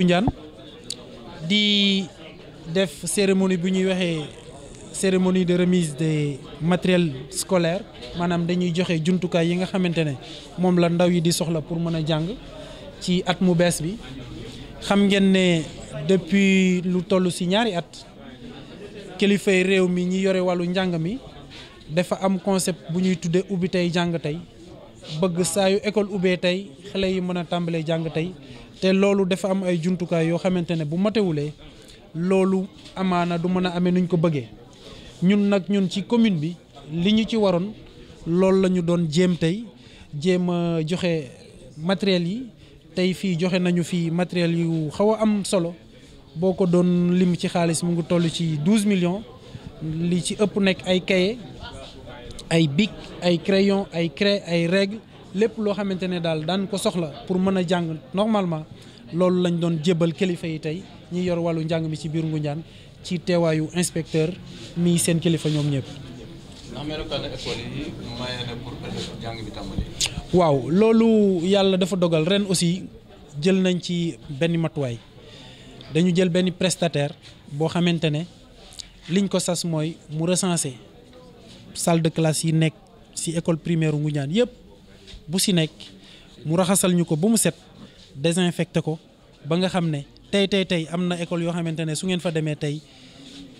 Ndiane di def cérémonie bu ñuy waxee cérémonie de remise des matériels scolaires maanaam dañuy joxe jumtukaay yi nga xamante ne moom la ndaw yi di soxla pour mën a jàng ci at mu bees bi xam ngeen ne depuis lu toll ci ñaari at kilifay réew mi ñi yore wàllu njàng mi dafa am concept bu ñuy tuddee ubbi tey jàng tey bëgg saa yu école ubbee tey xale yi mën a tàmbalee jàng tey te loolu dafa am ay jumtukaay yoo xamante ne bu matewulee loolu amaana du mën a amee nuñ ko bëggee ñun nag ñun ci commune bi li ñu ci waroon loolu la ñu doon jéem tey jéem a joxe matériel yi tey fii joxe nañu fii matériel yu xaw a am solo boo ko doon lim ci xaalis mu ngi toll ci douze million li ci ëpp nekk ay kaye ay bic ay crayon ay craie ay règle lépp loo xamante ne daal daan ko soxla pour mën a jàng normalement loolu lañ doon jébbal kilifa yi tey ñi yor wàllu njàng mi ci biir Ngoundiane ci teewaayu inspecteur mi seen kilifa ñoom ñëpp. waaw loolu yàlla dafa dogal ren aussi jël nañ ci benn matuwaay dañu jël benn prestataire boo xamante ne liñ ko sas mooy mu recenser. salle de classe yi nekk si école primaire ñaan yëpp bu si nekk mu raxasal ñu ko bu mu set désinfecté ko ba nga xam ne tey tey tey am na école yoo xamante ne su ngeen fa demee tey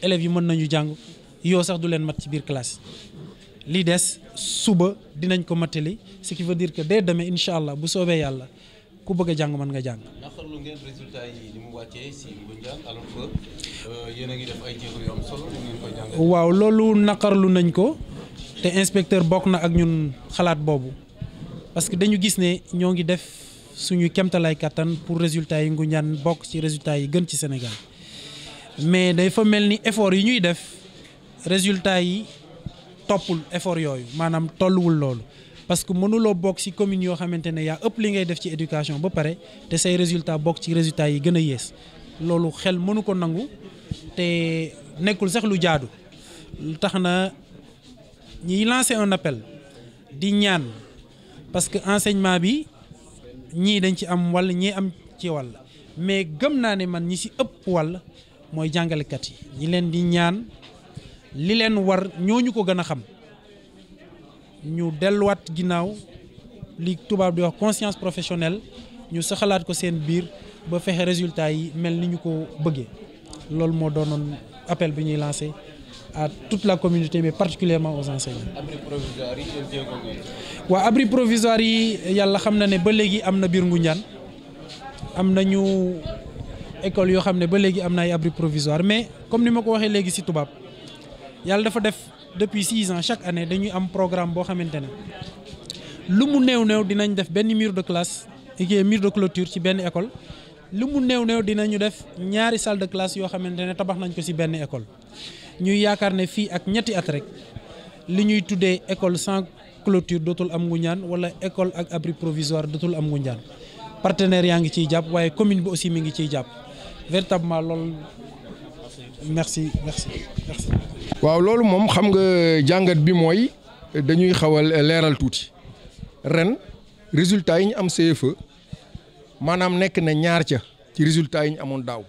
élèves yi mën nañu jàng yoo sax du leen mat ci biir classe lii des suba dinañ ko matali ce qui veut dire que dès deme incha allah bu soobee yàlla. ku bëgg a jàng mën nga jàng. naqarlu ngeen résultat mu wàccee si Ngoundiane euh, waaw loolu naqarlu nañ ko te inspecteur bokk na ak ñun xalaat boobu parce que dañu gis ne ñoo ngi def suñu kemtalaay kattan pour résultat yi ngu Ngoundiane bokk ci résultat yi gën ci senegal mais day fa mel ni effort yi ñuy def résultat yi toppul effort yooyu maanaam tolluwul loolu. parce que mënuloo bokk ci commune yoo xamante ne yaa ëpp li ngay def ci éducation ba pare te say résultat bokk ci résultat yi gën a yées loolu xel mënu ko nangu te nekkul sax lu jaadu lu tax na ñuy lancer un appel di ñaan parce que enseignement bi ñii dañ ci am wàll ñii am ci walla mais gëm naa ne man ñi si ëpp wàll mooy jàngalekat yi ñi leen di ñaan li leen war ñu ko gën a xam ñu delluwaat ginnaaw li tubaab di wax conscience professionnelle ñu sa xalaat ko seen biir ba fexe résultat yi mel ni ñu ko bëggee loolu moo doonoon appel bi ñuy lancé à toute la communauté mais particulièrement aux enseignants. abri provisoire yi waa abri provisoire yi yàlla xam na ne ba léegi am na biir Ngoundiane am na ñu école yoo xam ne ba léegi am na ay abri provisoire mais comme ni ma ko waxee léegi ci tubaab yàlla dafa def. depuis six ans chaque année dañuy am programme boo xamante ne lu mu néew néew dinañ def benn mur de classe kii mur de clôture ci benn école lu mu néew néew dinañu def ñaari salle de classe yoo xamante ne tabax nañ ko ci benn école ñuy yaakaar ne fii ak ñetti at rek li ñuy tuddee école sans cloture dootul am Ngoundiane wala école ak abri provisoire dootul am Ngoundiane partenaires yaa ngi ciy jàpp waaye commune bi aussi mi ngi ciy jàpp véritablement lool merci merci waaw loolu moom xam nga jàngat bi mooy dañuy xawal leeral tuuti ren résultat yi ñu am CFE maanaam nekk na ñaar ca ci résultat yi ñu amoon daaw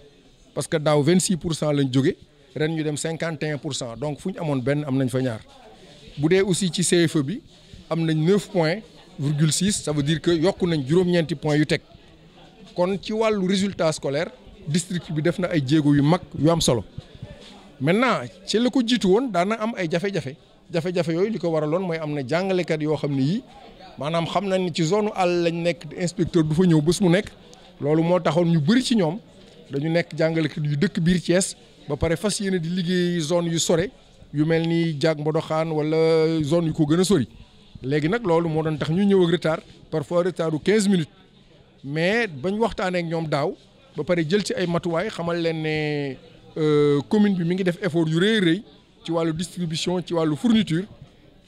parce que daaw 26 pour cent lañ jóge ren ñu dem 51 pour cent donc fu ñu amoon benn am nañ fa ñaar bu dee aussi ci CFE bi am nañ 9 point virgule sa ça veut que yokku nañ juróom-ñeenti point yu teg kon ci wàllu résultat scolaire district bi def na ay jéego yu mag yu am solo. maintenant ci la ko jiitu woon daana am ay jafe-jafe jafe-jafe yooyu li ko waraloon mooy am na jàngalekat yoo xam ne yii maanaam xam nañ ni ci zone àll lañ nekk inspecteur du fa ñëw bés mu nekk loolu moo taxoon ñu bëri ci ñoom dañu nekk jàngalekat yu dëkk biir Thiès ba pare fas yéene di liggéey zone yu sore yu mel ni jaag mbodoxaan wala zone yu ko gën a sori léegi nag loolu moo doon tax ñu ñëw ak retard parfois retard u 15 minutes mais bañ waxtaanee ñoom daaw ba pare jël ci ay matuwaay xamal leen ne. Euh, commune bi mi ngi def effort yu rëy rëy ci wàllu distribution ci wàllu fourniture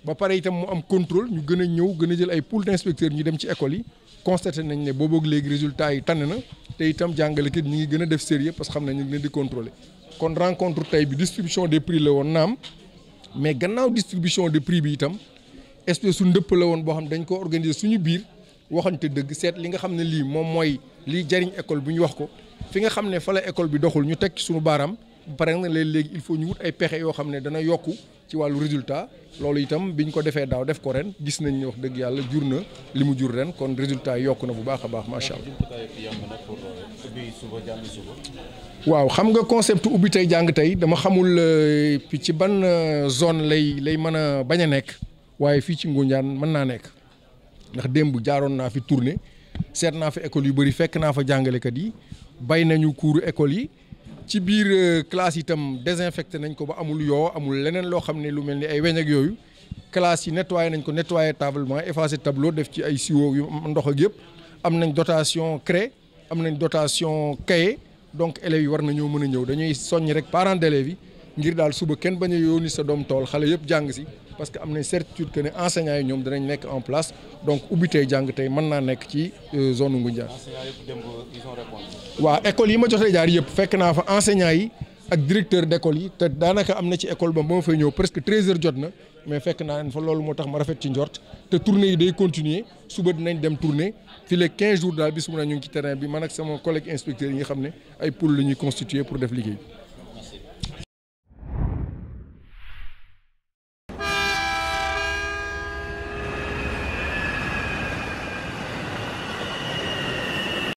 ba pare itam mu am contrôle ñu gën a ñëw gën a jël ay pool d'inspecteurs ñu dem ci école yi constaté nañ ne booboog léegi résultat yi tànn na te itam jàngale jàngalekat ñi ngi gën a def sérieux parce que xam nañ ñu ngi leen di contrôler kon rencontre tey bi distribution des prix la woon naam mais gannaaw distribution de prix bi itam espèce su ndëpp la woon boo xam dañ ko organiser suñu biir waxante dëgg seet li nga xam ne lii moom mooy liy jariñ école bu ñu wax ko fi nga xam ne fa la école bi doxul ñu teg suñu baaraam ba pare na leen léegi il faut ñu wut ay pexe yoo xam ne dana yokk ci wàllu résultat loolu itam bi ñu ko defee daaw def ko ren gis nañ ne wax dëgg yàlla jur na li mu jur ren kon résultat yokk na bu baax a baax macha allah. waaw xam nga concept ubbi tey jàng tey dama xamul euh, ci ban euh, zone lay lay mën a bañ a nekk waaye fii ci Ngoundiane mën naa nekk ndax démb jaaroon naa fi tournée seet naa fi école yu bëri fekk naa fa jàngalekat yi. bay nañu kuuru école yi ci biir euh, classe itam désinfecté nañ ko ba amul yoo amul leneen loo xam ne lu mel ni ay weñ yooyu classe yi nettoyé nañ ko nettoyé tablement effacé tableau def ci ay siwo yu ndox ak yëpp am nañ dotation craie am nañ dotation cahier donc élèves yi war nañoo mën a ñëw dañuy soññ rek parents d'élèves yi ngir daal suba kenn bañ a yónni sa doom tool xale yëpp jàng si parce que am nañ certitude que ne enseignants yi ñoom danañ nekk en place donc ubbi tey jàng tey mën naa nekk ci euh, zone Ngoundiane. waa école yi ma jotee jaar yëpp fekk naa fa enseignants yi ak directeur d' yi te daanaka am na ci école ba ba ma fay ñëw presque treize heures jot na mais fekk naa leen fa loolu moo tax ma rafet ci njort te tournée yi day continuer suba dinañ dem tournée fii les quinze jours ci terrain bi man ak sama collègue inspecteur yi nga xam la ñuy constituer pour def liggéey.